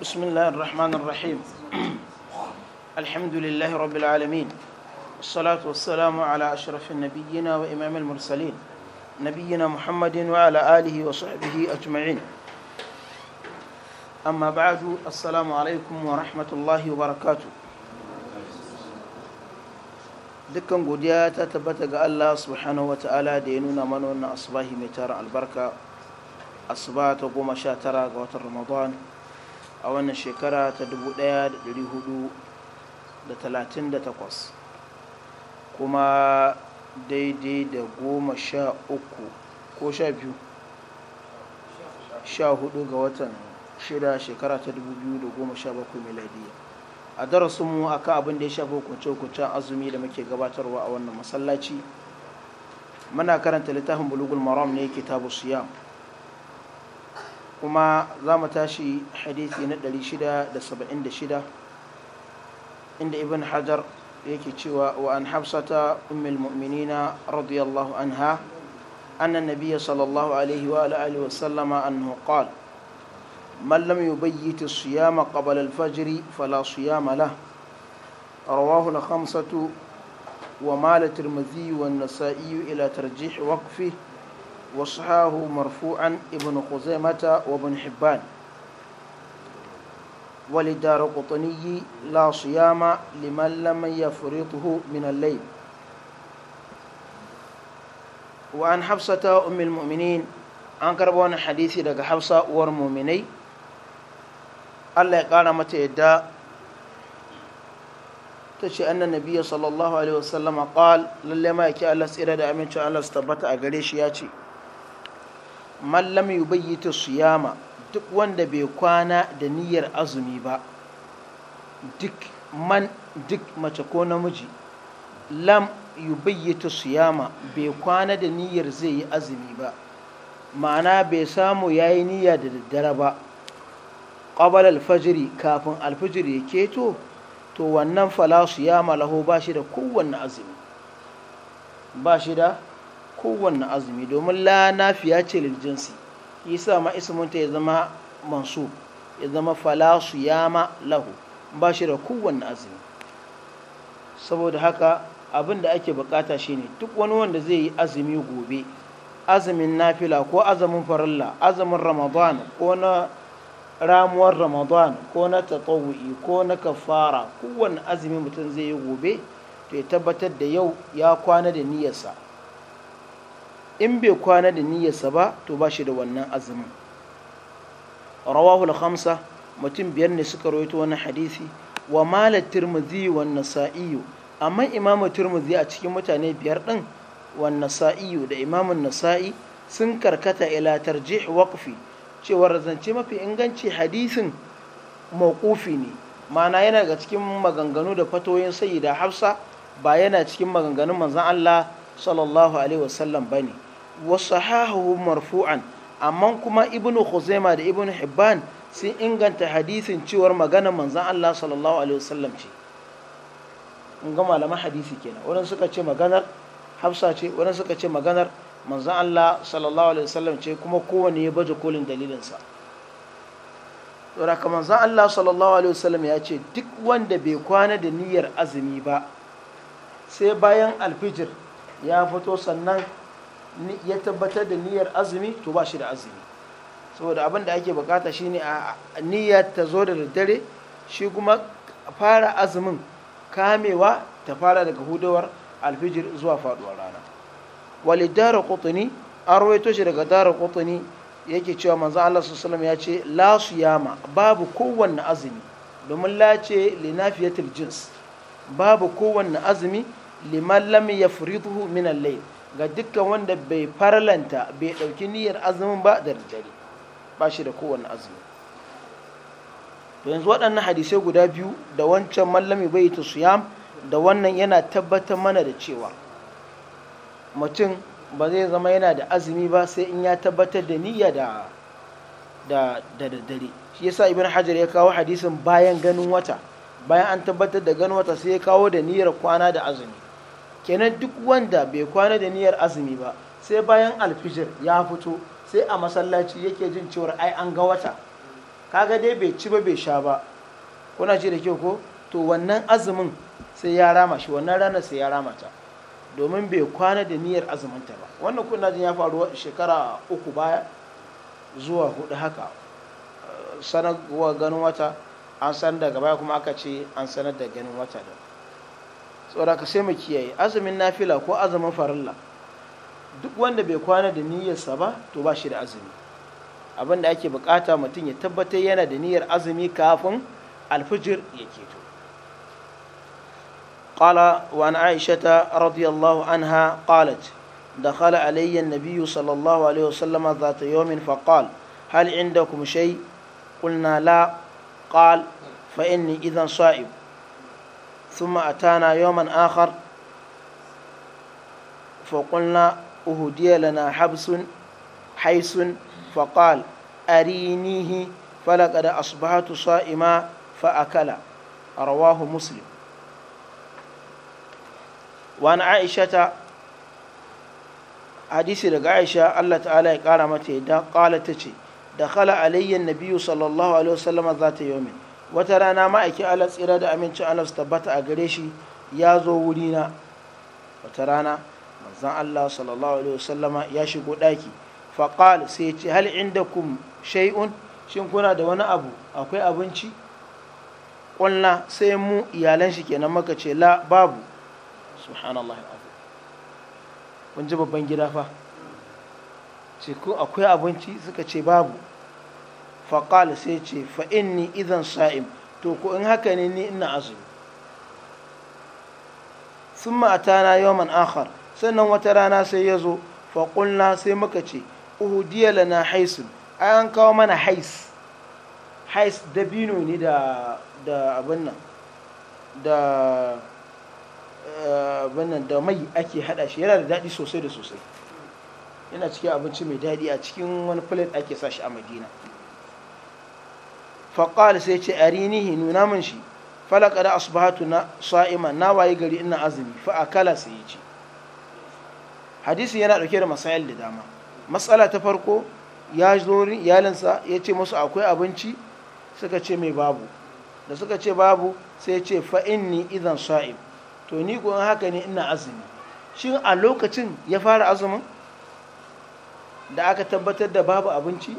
بسم الله الرحمن الرحيم الحمد لله رب العالمين الصلاة والسلام على أشرف النبيين وإمام المرسلين نبينا محمد وعلى آله وصحبه أجمعين أما بعد السلام عليكم ورحمة الله وبركاته dukkan قديا ta الله سبحانه وتعالى subhanahu من da متار البركة أصبات وقوم شاترا قوة tara a wannan shekara ta 1438 kuma daidai da goma sha uku ko sha biyu sha hudu ga watan shida shekara ta 2017 miladiya a darasinmu akan abin da ya shafi hukunce-hukuncen azumi da muke gabatarwa a wannan masallaci muna karanta littafin bulugul maram ne kitabu siyam kuma za mu tashi hadisi na 676 inda ibn hajar yake cewa wa an hafsata ummul mu'minina radiyallahu anha anna nabiyya sallallahu alaihi wa alihi wa sallama annahu qala man lam yubayyit as-siyama qabla al-fajr fala siyama lah rawahu al-khamsatu wa mala tirmidhi wa an-nasa'i ila tarjihi waqfihi وصحاه مرفوعا ابن خزيمة وابن حبان ولدار قطني لا صيام لمن لم يفرطه من الليل وعن حفصة أم المؤمنين an karba wani hadisi daga hafsa uwar muminai allah ya ƙara mata yadda ta ce annan nabiya sallallahu alaihi wasallama ƙal lallai ma yake allah tsira da amincin allah su tabbata a gare shi ya ce mallam yi ta suyama duk wanda bai kwana da niyyar azumi ba duk man duk mace ko namiji lam yi ta suyama bai kwana da niyyar zai yi azumi ba ma'ana bai samu ya yi niyya da daddare ba ƙwabal alfajiri kafin alfajiri ya keto to wannan fala ya laho ba shi da kowanne azumi ba shi da kowanne azumi domin la nafiya ce liljinsi yi sa ma ismunta ya zama mansu ya zama fala ma lahu ba shi da kowanne azumi saboda haka abin da ake bukata shine duk wani wanda zai yi azumi gobe azumin nafila ko azumin farilla azumin ramadan ko na ramuwar ramadan ko na tatawu'i ko na kafara kowanne azumi mutum zai yi gobe to ya tabbatar da yau ya kwana da niyyarsa in bai kwana da niyyarsa ba to ba shi da wannan azumin al khamsa mutum biyar ne suka rawaito wannan hadisi wa mala tirmidhi wa nasa'i amma imam tirmidhi a cikin mutane biyar din wa nasa'i da imam nasa'i sun karkata ila tarjih waqfi cewa zance mafi inganci hadisin mawqufi ne ma'ana yana ga cikin maganganu da fatoyin sayyida hafsa ba yana cikin maganganun manzon Allah sallallahu alaihi wasallam bane wa sahahu marfu'an amma kuma ibnu khuzaima da ibnu hibban sun inganta hadisin cewar magana manzan Allah sallallahu alaihi wasallam ce in ga malaman hadisi kenan wurin suka ce maganar hafsa ce wurin suka ce maganar manzan Allah sallallahu alaihi wasallam ce kuma kowane ya baje kolin dalilinsa ka manzan Allah sallallahu alaihi wasallam ya ce duk wanda bai kwana da niyyar azumi ba sai bayan alfijir ya fito sannan ya tabbatar da niyyar azumi to ba shi da azumi saboda abin da ake bukata shine a niyyar ta zo da daddare shi kuma fara azumin kamewa ta fara daga hudawar alfijir zuwa faduwar rana wali dara kutuni an rawaito shi daga dara kutuni yake cewa manzo Allah sallallahu ya ce la su yama babu kowanne azumi domin la ce linafiyatul jins babu kowanne azumi liman lam yafriduhu min al ga dukkan wanda bai farlanta bai ɗauki niyyar azumin ba da daddare ba shi da kowane azumi to yanzu waɗannan hadisai guda biyu da wancan mallami bai ta suyam da wannan yana tabbatar mana da cewa mutum ba zai zama yana da azumi ba sai in ya tabbatar da niyya da da daddare shi yasa ibn hajar ya kawo hadisin bayan ganin wata bayan an tabbatar da ganin wata sai ya kawo da niyyar kwana da azumi kenan duk wanda bai kwana da niyyar azumi ba sai bayan alfijir ya fito sai a masallaci yake jin cewar ai an ga wata kaga dai bai ci ba bai sha ba kuna ji da kyau ko to wannan azumin sai ya rama shi wannan ranar sai ya rama ta domin bai kwana da niyyar azumin ta ba wannan kuna jin ya faru shekara uku baya zuwa hudu haka sanarwa ganin wata an sanar daga baya kuma aka ce an sanar da ganin wata da tsoraka sai mu kiyaye azumin nafila ko azumin farilla duk wanda bai kwana da niyyarsa ba to ba shi da azumi abin da ake bukata mutum ya tabbatar yana da niyyar azumi kafin alfijir ya keto قال وعن عائشة رضي الله عنها قالت دخل علي النبي صلى الله عليه وسلم ذات يوم فقال هل عندكم شيء قلنا لا قال فإني إذا صائم ثم أتانا يوما آخر فقلنا أهدي لنا حبس حيث فقال أرينيه فلقد أصبحت صائما فأكل رواه مسلم وأن عائشة حديث لك عائشة الله تعالى قال متى قالت تشي دخل علي النبي صلى الله عليه وسلم ذات يومين wata rana ma'aikin Allah tsira da aminci Allah su tabbata a gare shi ya zo wurina wata rana manzan Allah sallallahu alaihi wasallama ya shigo ɗaki. faƙal sai ce hal indakum shay'un shin kuna da wani abu akwai abinci kulna sai mu iyalan shi kenan maka ce la babu subhanallahi ya kun ji babban gida fa ce ko akwai abinci suka ce babu faƙal sai ce fa'in ni idan sa'im to ku in haka ne ni ina azumi sun ma'atana yawman akhar sannan wata rana sai ya zo faƙulna sai muka ce uhudiya na haisun an kawo mana hais hais dabino ne da abinnan da abinnan eh, da mai ake hada shi yana da daɗi sosai da sosai yana cikin abinci mai daɗi a cikin wani plate ake sa shi a madina faƙal sai ce arinihi nuna min shi falaka da asbahatu na sa'ima na waye gari ina azumi fa kala sai ya ci hadisi yana ɗauke da masayal da dama matsala ta farko ya zori iyalinsa ya ce musu akwai abinci suka ce mai babu da suka ce babu sai ce fa inni idan sa'im to ni kuwa haka ne ina azumi shin a lokacin ya fara azumin da aka tabbatar da babu abinci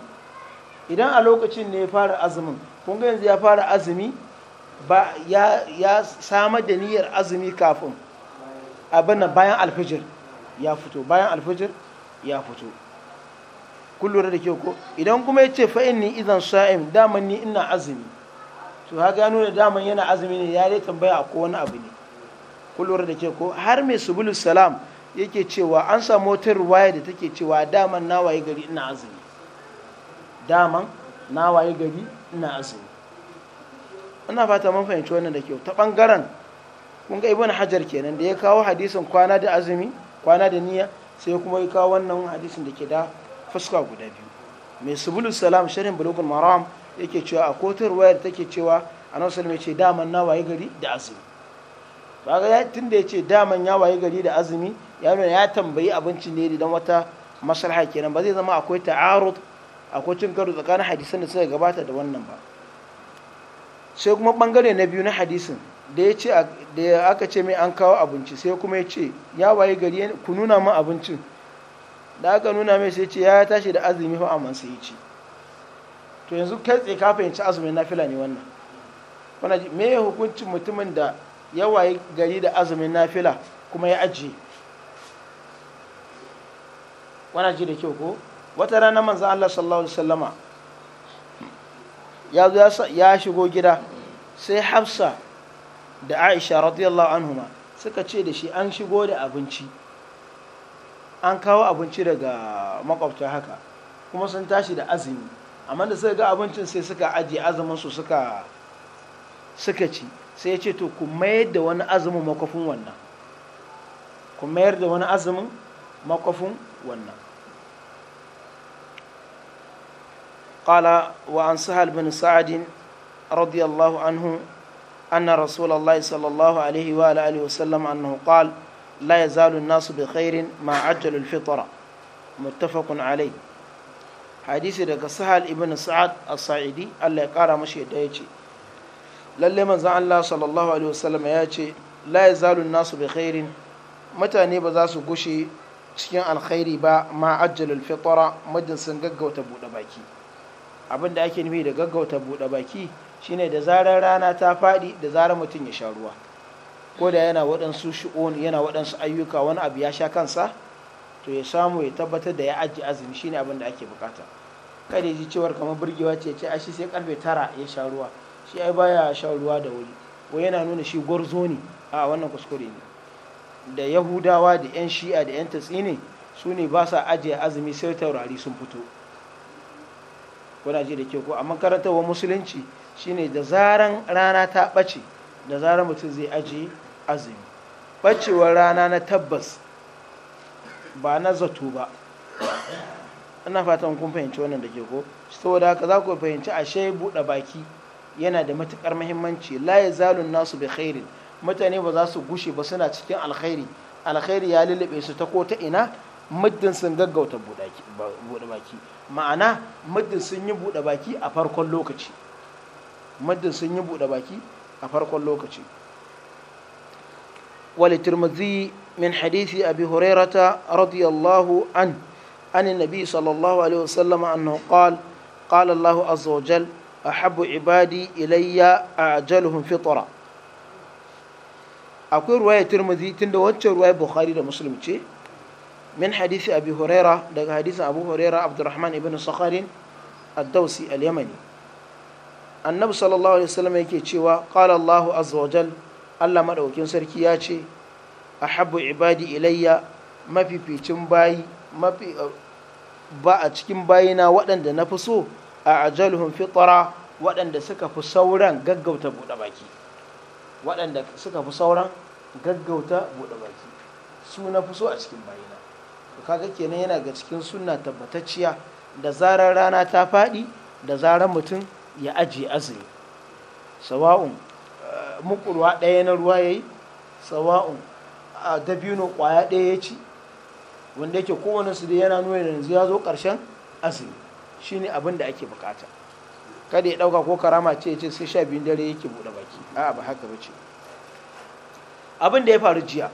idan a lokacin ne ya fara azumin kun yanzu ya fara azumi ba ya samar da niyyar azumi kafin abin nan bayan alfijir ya fito bayan alfijir ya fito kun lura da ke ko idan kuma ya ce fa'in ni idan sa'im daman ni ina azumi to haka ya nuna daman yana azumi ne ya dai tambaya ko wani abu ne kun lura da ke ko har mai subulus salam yake cewa an samu wata ruwaya da take cewa daman na waye gari ina azumi daman na waye gari ina azumi ina fata mun fahimci wannan da kyau ta bangaren kun ga ibn hajar kenan da ya kawo hadisin kwana da azumi kwana da niyya sai kuma ya kawo wannan hadisin da ke da fuska guda biyu mai subulus salam sharhin bulugul maram yake cewa a kotar wayar take cewa annabi sallallahu alaihi ce daman na waye gari da azumi ba ga ya tunda yace daman ya waye gari da azumi ya nuna ya tambayi abinci ne dan wata maslaha kenan ba zai zama akwai ta'arud akwai cin karo tsakanin hadisan da suka gabata da wannan ba sai kuma bangare na biyu na hadisin da ya ce da aka ce mai an kawo abinci sai kuma ya ce ya waye gari ku nuna min abincin da aka nuna mai sai ce ya tashi da azumi fa amma sai ya ci to yanzu kai tsaye ka fahimci azumin nafila ne wannan wanda me ya hukuncin mutumin da ya waye gari da azumin nafila kuma ya ajiye wannan ji da kyau ko wata rana manzo Allah sallallahu alaihi wasallama ya zo ya shigo gida sai Hafsa da Aisha radiyallahu anhuma suka ce da shi an shigo da abinci an kawo abinci daga makwabta haka kuma sun tashi da azumi amma da suka ga abincin sai suka ajiye azumin su suka suka ci sai ya ce to ku mayar da wani azumin makwafin wannan ku mayar da wani azumin makwafin wannan قال وعن سهل بن سعد رضي الله عنه أن رسول الله صلى الله عليه وآله وسلم أنه قال لا يزال الناس بخير ما عجل الفطرة متفق عليه حديث دك سهل ابن سعد الصعيدي الله يقرأ مشي دايتي lalle manzan Allah sallallahu alaihi wasallam ya ce la yazalu nasu bi khairin mutane ba za su gushe cikin alkhairi ba ma ajjalul fitra majin sun gaggauta bude baki abin da ake nufi da gaggauta buɗe baki shine da zarar rana ta faɗi da zarar mutum ya sha ruwa ko da yana waɗansu shu'un yana waɗansu ayyuka wani abu ya sha kansa to ya samu ya tabbatar da ya ajiye azumi shine abin da ake bukata kada ji cewar kamar burgewa ce ce shi sai karfe tara ya sha ruwa shi ai baya sha ruwa da wuri ko yana nuna shi gwarzo ne a wannan kuskure ne da yahudawa da yan shi'a da yan tatsi ne su ne ba sa ajiye azumi sai taurari sun fito kuna ji da ke ko amma karantarwar musulunci shine da zaran rana ta ɓace da zaran mutum zai aji azumi ɓacewar rana na tabbas ba na zato ba ina fatan kun fahimci wannan da ke ko saboda haka za ku fahimci ashe buɗe baki yana da matukar muhimmanci layi zalun nasu bai khairin mutane ba za su gushe ba suna cikin alkhairi alkhairi ya lullube su ta ko ta ina muddin sun gaggauta buɗe baki ma'ana muddin sun buɗe baki a farkon lokaci muddin sun yi wali tirmidhi min hadisi abi hurairata radiyallahu an an nabi sallallahu alaihi wasallam annahu qal qala allah azza wa jal ahabbu ibadi ilayya ajaluhum fitra akwai ruwaya tirmidhi tunda wancan ruwaya bukhari da muslim min hadisi abi huraira daga hadisin abu huraira abdurrahman ibn sakharin ad-dausi al-yamani annabi sallallahu alaihi yake cewa qala allah azza allah maɗaukin sarki ya ce ahabbu ibadi ilayya mafificin bayi mafi ba a cikin bayina waɗanda na fi a ajaluhum fi sauran gaggauta suka fi sauran gaggauta buɗe baki su na a cikin bayina kaga kenan yana ga cikin sunna tabbatacciya da zarar rana ta faɗi da zarar mutum ya ajiye azumi sawa'un eh, mukulwa ɗaya na ruwa yayi. yi sawa'un dabino ƙwaya ɗaya ya ci wanda yake kowane su da yana nuna yanzu ya zo ƙarshen azumi shine abin da ake bukata kada ya ɗauka ko karama ce ce sai sha biyun dare yake buɗe baki a'a ba haka ba ce abin da ya faru jiya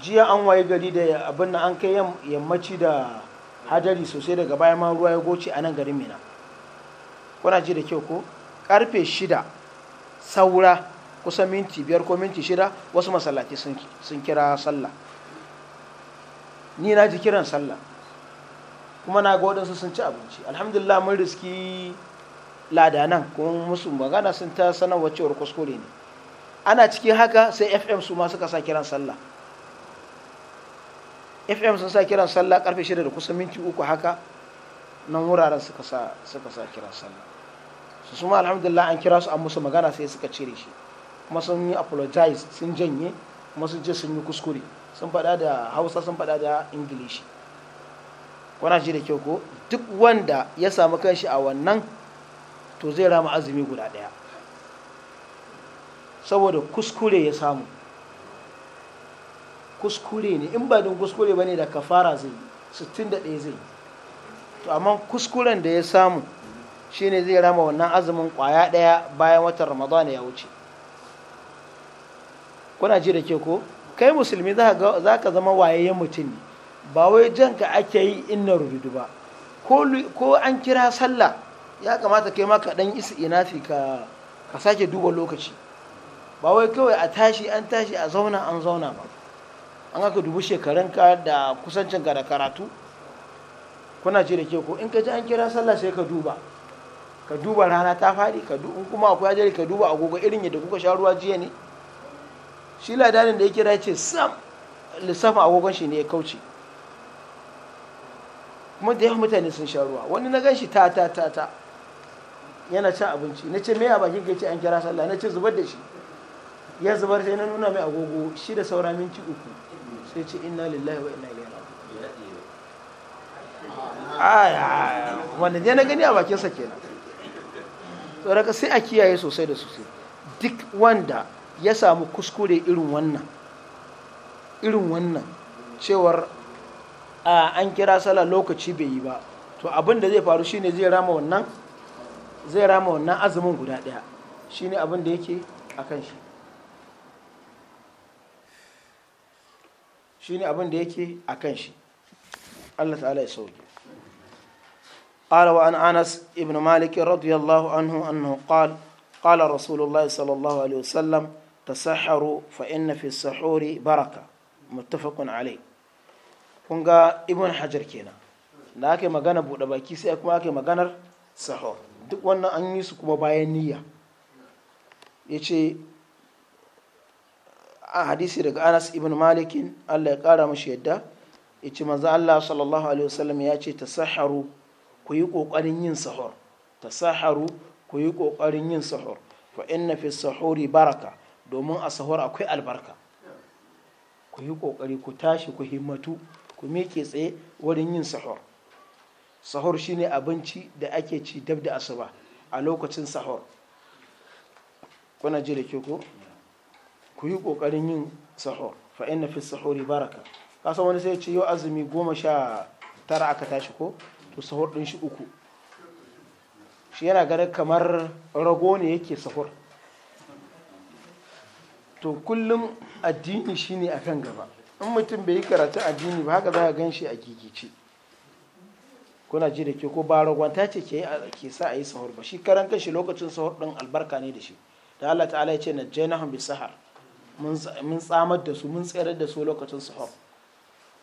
jiya an waye gari da abin na an kai yammaci da hadari sosai daga baya ma ruwa ya goce a nan garin mina kuna ji da kyau ko karfe shida saura kusa minti biyar ko minti shida wasu masallaci sun kira sallah ni na ji kiran sallah kuma na ga waɗansu sun ci abinci alhamdulillah mun riski nan kuma musu magana sun ta sanarwa cewar kuskure ne ana cikin haka sai fm su ma suka sa kiran sallah fm sun sa kiran sallah karfe shida da kusan minti uku haka nan wuraren suka sa kiran sallah su suma alhamdulillah an kira su an musu magana sai suka cire shi kuma sun yi apologize sun janye kuma sun je sun yi kuskure sun faɗa da hausa sun faɗa da ingilishi wana shi da kyau ko duk wanda ya samu kanshi a wannan to zai rama azumi guda ɗaya saboda kuskure ya samu kuskure ne in ba don kuskure ba ne da kafara zai yi ɗaya zai to amma kuskuren da ya samu shine zai rama wannan azumin kwaya ɗaya bayan watan ramadana ya wuce kuna ji da ke ko kai musulmi za ka zama wayayyen mutum ne ba wai ka ake yi inna rubutu ba ko an kira sallah ya kamata kai maka dan isa inafi ka ka sake duba lokaci ba wai kawai a tashi an tashi a zauna an zauna ba an aka dubi shekarunka da kusancinka da karatu kuna ce da ke ko in ka ji an kira sallah sai ka duba ka duba rana ta faɗi ka in kuma akwai ajali ka duba agogo irin yadda kuka sha ruwa jiya ne shi ladanin da ya kira ce sam lissafin agogon shi ne ya kauce kuma da yawan mutane sun sha ruwa wani na ganshi ta ta ta ta yana cin abinci na ce mai a bakin ka ce an kira sallah na ce zubar da shi ya zubar sai na nuna mai agogo shi da saura minti uku sai ce inna lillahi wa inna ilaihi raji'un ah, wanda dai na gani a bakin sa kenan tsoraka sai a kiyaye sosai da sosai duk wanda ya samu kuskure irin wannan irin wannan cewar an kira sala lokaci bai yi ba to abin da zai faru shine zai rama wannan zai rama wannan azumin guda daya shine abin da yake akan shi shine abin da yake kan shi Allah ta'ala ya sauke قال وعن أنس ابن مالك رضي الله عنه أنه قال قال رسول الله صلى الله عليه وسلم تسحروا فإن في السحور بركة متفق عليه kunga ibn hajar kenan da aka yi magana buɗe baki sai kuma aka yi maganar sahur duk wannan an yi su kuma bayan niyya ya ce a hadisi daga anas ibn malikin allah ya kara mashi yadda ya ce manzo allah sallallahu alaihi wasallam ya ce tasaharu ku yi kokarin yin sahur tasaharu ku yi kokarin yin sahur fa inna fi sahuri baraka domin a sahur akwai albarka ku yi kokari ku tashi ku himmatu ku miƙe tsaye wurin yin sahur sahur shine abinci da ake ci dab da asuba a lokacin sahur kuna ji da ke ko ku yi ƙoƙarin yin sahur fa na fi sahuri baraka kasan wani sai ce yau azumi goma sha tara aka tashi ko to sahur ɗin shi uku shi yana ganin kamar rago ne yake sahur to kullum addini shine akan gaba in mutum bai yi karatun addini ba haka za a gan shi a gigice kuna ji da ke ko ta ce ke sa a yi sahur ba shi karan shi lokacin sahur ɗin albarka ne da shi da Allah ta'ala ya ce na jainahun sahar mun tsamar da su mun tsayar da su lokacin sahur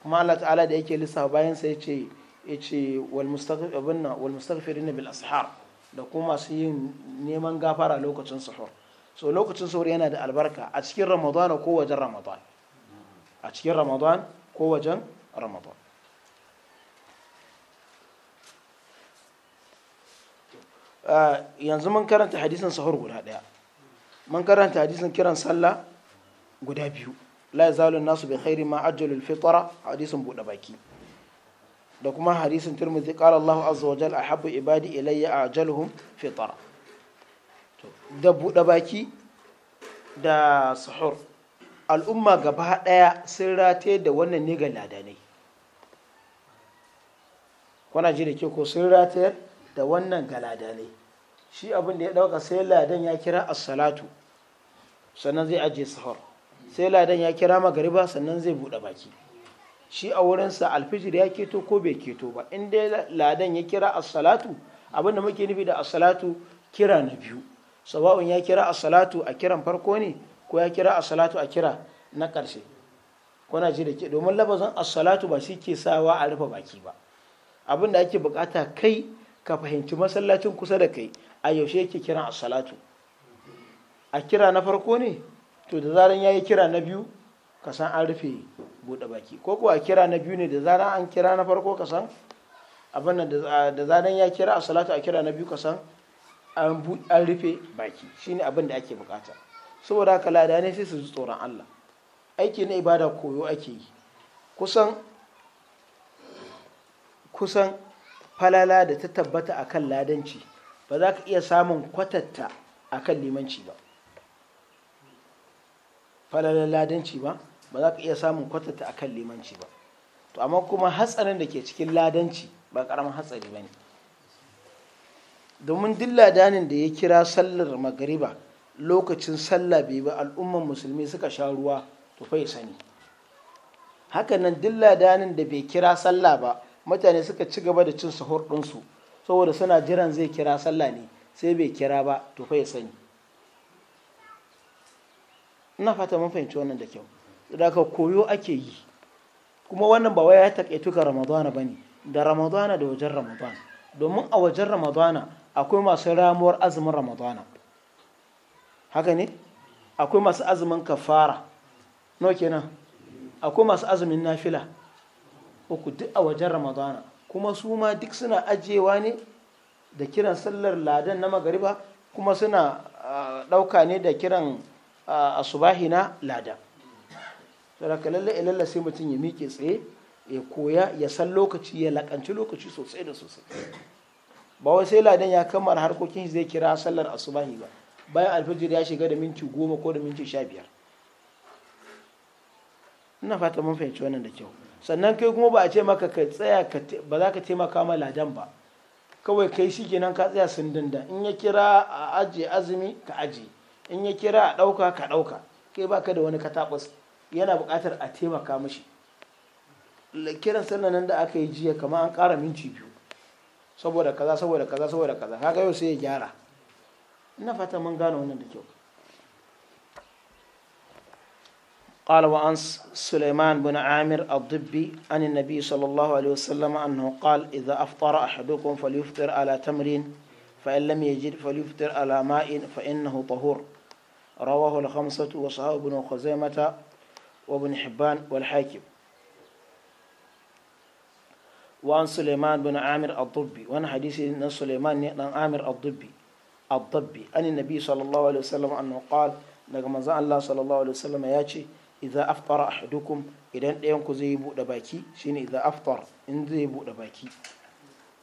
kuma Allah ta'ala da yake lissafa bayan sai ce yace wal mustaghfirina wal mustaghfirina bil ashar da kuma masu yin neman gafara lokacin suhur so lokacin suhur yana da albarka a cikin ramadan ko wajen ramadan a cikin ramadan ko wajen ramadan ah, yanzu mun karanta hadisin suhur guda daya mun karanta hadisin kiran sallah guda biyu la zalun nasu bi khairi ma ajjalul fitra hadisin bude baki da kuma hadisin turmuzi qala allah azza wajal ahabbu ibadi ilayya ajaluhum fitra to da bude baki da suhur al'umma gaba daya sun rate da wannan ne ga ladanai kuna ji da ke ko sun rate da wannan ga ladanai shi abin da ya dauka sai ladan ya kira as-salatu sannan zai aje suhur sai ladan ya kira magariba sannan zai buɗe baki shi a wurinsa alfijir ya keto ko bai keto ba in ladan ya kira asalatu abinda muke nufi da asalatu kira na biyu sawa'un ya kira asalatu a kiran farko ne ko ya kira asalatu a kira na ƙarshe kuna ji da ke domin labazan asalatu ba shi ke sawa a rufe baki ba da ake bukata kai ka fahimci masallacin kusa da kai a yaushe yake kiran asalatu a kira na farko ne to da zaran ya yi kira na biyu ka san an rufe buɗe baki ko kuwa kira na biyu ne da zaran an kira na farko ka san abin da zaran ya kira a salatu a kira na biyu ka san an rufe baki shine abin da ake bukata saboda ka lada ne sai su ji tsoron Allah aiki na ibada koyo ake yi kusan kusan falala da ta tabbata akan ladanci ba za ka iya samun kwatatta akan limanci ba falalar ladanci ba ba za ka iya samun kwatanta kan limanci ba to amma kuma hatsarin da ke cikin ladanci ba karamin hatsari ba ne domin duk ladanin da ya kira sallar magariba lokacin sallah bai ba al'umman musulmi suka sha ruwa to fai ya sani nan duk ladanin da bai kira sallah ba mutane suka ci gaba da cin sahur ɗinsu saboda suna jiran zai kira sallah ne sai bai kira ba to fai sani ina fata mun fahimci wannan da kyau daga koyo ake yi kuma wannan ba wai ya taƙaitu ga ramadana bane da ramadana da wajen ramadana domin a wajen ramadana akwai masu ramuwar azumin ramadana haka ne akwai masu azumin kafara no kenan akwai masu azumin nafila uku duk a wajen ramadana kuma su ma duk suna ajiyewa ne da kiran sallar ladan na magariba kuma suna ah, ɗauka ne da kiran A asubahi na lada saboda lalle ilalla sai mutum ya miƙe tsaye ya koya ya san lokaci ya lakanci lokaci sosai da sosai ba wai sai ladan ya kammala harkokin shi zai kira sallar asubahi ba bayan alfajir ya shiga da minti goma ko da minti sha biyar ina fata mun fahimci wannan da kyau sannan kai kuma ba a ce maka ka tsaya ba za ka taimaka ma ladan ba kawai kai shi kenan ka tsaya sun dinda in ya kira a ajiye azumi ka ajiye in ya kira a ɗauka ka ɗauka kai ka da wani katabus yana buƙatar a taimaka mashi kiran sallan da aka yi jiya kama an ƙara minti biyu saboda kaza saboda kaza saboda kaza kaga yau sai ya gyara ina fata mun gane wannan da kyau قال وعن سليمان بن عامر الضبي عن النبي صلى الله عليه وسلم أنه قال إذا أفطر أحدكم فليفطر على تمرين فإن لم يجد فليفطر على ماء فإنه طهور رواه الخمسة وصحاب بن خزيمة وابن حبان والحاكم وعن سليمان بن عامر الضبي وعن حديث سليمان بن عامر الضبي الضبي أن النبي صلى الله عليه وسلم أنه قال نجم الله صلى الله عليه وسلم ياتي إذا أفطر أحدكم إذا أنكم زي بوء دباكي شين إذا أفطر إن زي بوء دباكي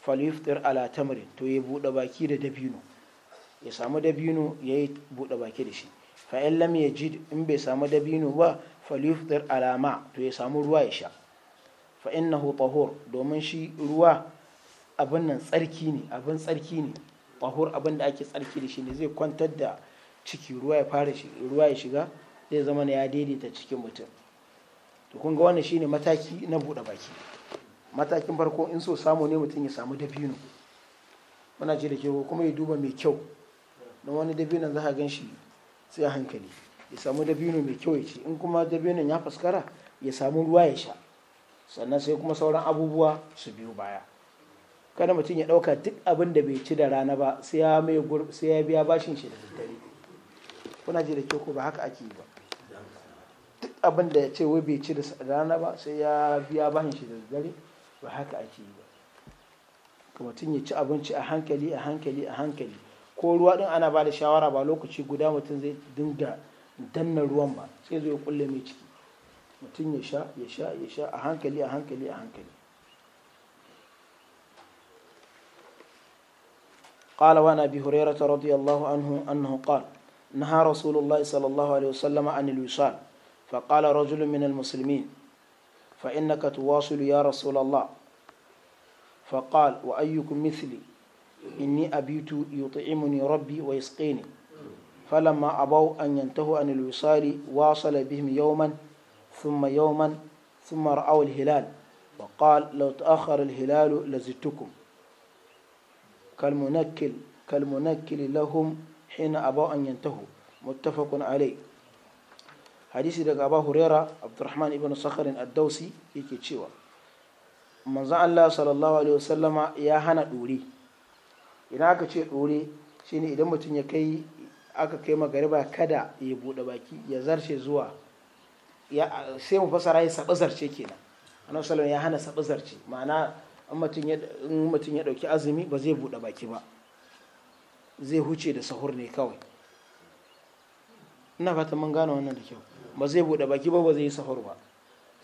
falyuftir ala tamarin to ya buɗe baki da dabino ya samu dabino ya yi buɗe baki da shi fa’in in ya ji in bai samu dabino ba falyuftir ala ma to ya samu ruwa ya sha fa na tahur domin shi ruwa abin nan tsarki ne abin tsarki ne tahur abin da ake tsarki da shi ne zai kwantar da ciki ruwa ya fara ruwa ya shiga zai zama na ya daidaita cikin mutum to kun ga wannan shine mataki na buɗe baki matakin farko in so samu ne mutum ya samu dabino muna ce da ke kuma ya duba mai kyau don wani dabino za a gan shi sai a hankali ya samu dabino mai kyau ya ci in kuma dabino ya faskara ya samu ruwa ya sha sannan sai kuma sauran abubuwa su biyu baya kada mutum ya ɗauka duk abin da bai ci da rana ba sai ya biya bashin shi da daddare kuna ji da kyau ko ba haka ake yi ba duk abin da ya ce wai bai ci da rana ba sai ya biya bashin shi da daddare ba haka ake yi ba ka mutum ya ci abinci a hankali a hankali a hankali ko ruwa din ana ba da shawara ba lokaci guda mutum zai dinga danna ruwan ba sai zai kulle mai ciki mutum ya sha ya sha ya sha a hankali a hankali a hankali قال وعن ابي هريره رضي الله عنه انه قال نهى رسول الله صلى الله عليه وسلم عن الوصال فقال رجل من المسلمين فإنك تواصل يا رسول الله فقال وأيكم مثلي إني أبيت يطعمني ربي ويسقيني فلما أبوا أن ينتهوا عن الوصال واصل بهم يوما ثم يوما ثم رأوا الهلال وقال لو تأخر الهلال لزدتكم كالمنكل كالمنكل لهم حين أبوا أن ينتهوا متفق عليه hadisi daga Abu Huraira Abdurrahman ibn sakharin addausi yake cewa manzon Allah sallallahu alaihi wasallama ya hana dore idan aka ce dore shine idan mutum ya kai aka kai magariba kada ya bude baki ya zarce zuwa sai mu fasara ya sabu zarce kenan annabi sallallahu ya hana sabu zarce ma'ana in mutum ya ɗauki azumi ba zai bude baki ba zai huce da sahur ne kawai ina fata mun gane wannan da kyau ba zai buɗe baki ba ba zai yi sahur ba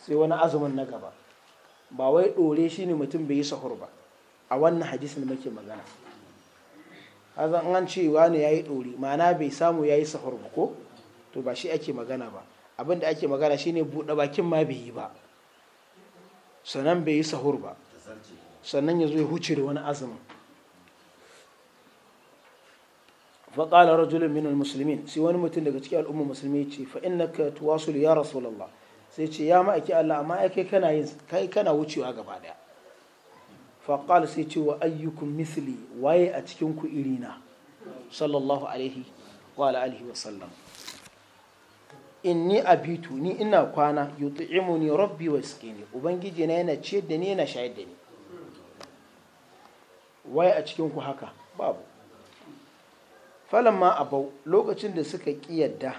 sai wani azumin na gaba ba wai ɗore shi ne mutum bai yi sahur ba a wannan hadisin muke magana hazan an cewa ne ya yi ɗori ma'ana bai samu ya yi sahur ba ko to ba shi ake magana ba abin da ake magana shi ne buɗe bakin ma bai yi ba sannan bai yi sahur ba sannan ya zo ya huce da wani azumin فقال رجل من المسلمين wani mutum daga cikin al'umma musulmi ce fa innaka tuwasul ya rasulullah sai ce ya ma'aiki Allah amma ai kai kana yin kai kana wucewa gaba daya fa qala sai ce wa ayyukum misli waye a cikin ku irina sallallahu alaihi wa alihi wa sallam inni abitu ni ina kwana yut'imuni rabbi wa yaskini ubangiji na yana ciyar da ni yana shayar da ni waye a cikin ku haka babu ma a abau lokacin da suka yadda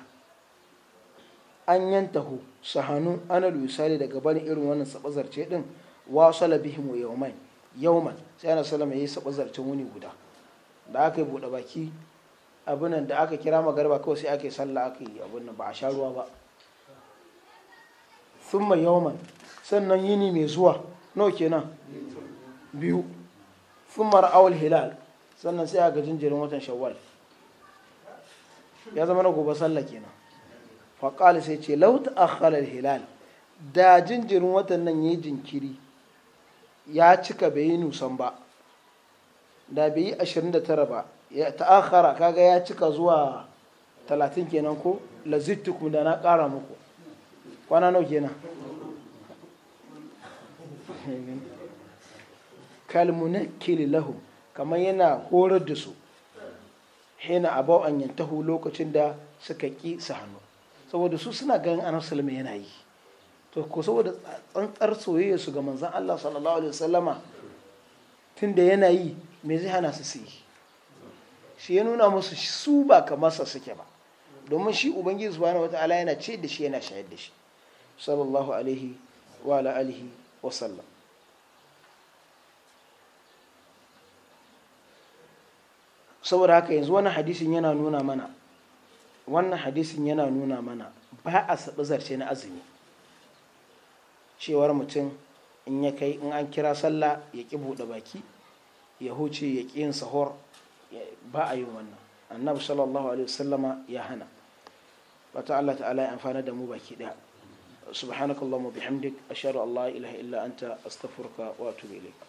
an yantahu su hannu ana lusali daga bani irin wannan sabazarce din wa sala bihim yawman yawman sai ana sallama yayi sabazarcen wuni guda da aka yi buɗe baki abinan da aka kira magarba kawai sai ake sallah aka yi abin ba a sha ruwa ba thumma yawman sannan yini mai zuwa nawa kenan biyu thumma ra'awul hilal sannan sai aka jinjirin watan shawwal ya zama na gobe sallah kenan faƙali sai ce laut akhalar hilal da jinjirin watan nan ya yi jinkiri ya cika bai yi nusan ba da bai yi 29 ba ya ta'akhara kaga ya cika zuwa 30 kenan ko lazittukum da na ƙara muku kwana nau kenan kalmunakkili kililahu kamar yana horar da su hina abau an yantahu lokacin da suka ƙi su hannu saboda su suna ganin annabi salama yana yi to ko saboda tsantsar soyayya su ga manzon Allah sallallahu alaihi wasallama tunda yana yi me zai hana su su yi shi ya nuna musu su ba kamar sa suke ba domin shi ubangiji subhanahu wataala yana ce da shi yana shayar da shi sallallahu alaihi wa ala alihi wa sallam saboda haka yanzu wannan hadisin yana nuna mana wannan hadisin yana nuna mana ba a saɓi zarce na azumi cewar mutum in ya kai in an kira sallah ya ƙi buɗe baki ya huce ya ƙi yin sahur ba a yin wannan annabi sallallahu alaihi wasallama ya hana wata Allah ta'ala ya amfana da mu baki ɗaya subhanakallahumma bihamdik ashhadu allah la ilaha illa anta astaghfiruka wa atubu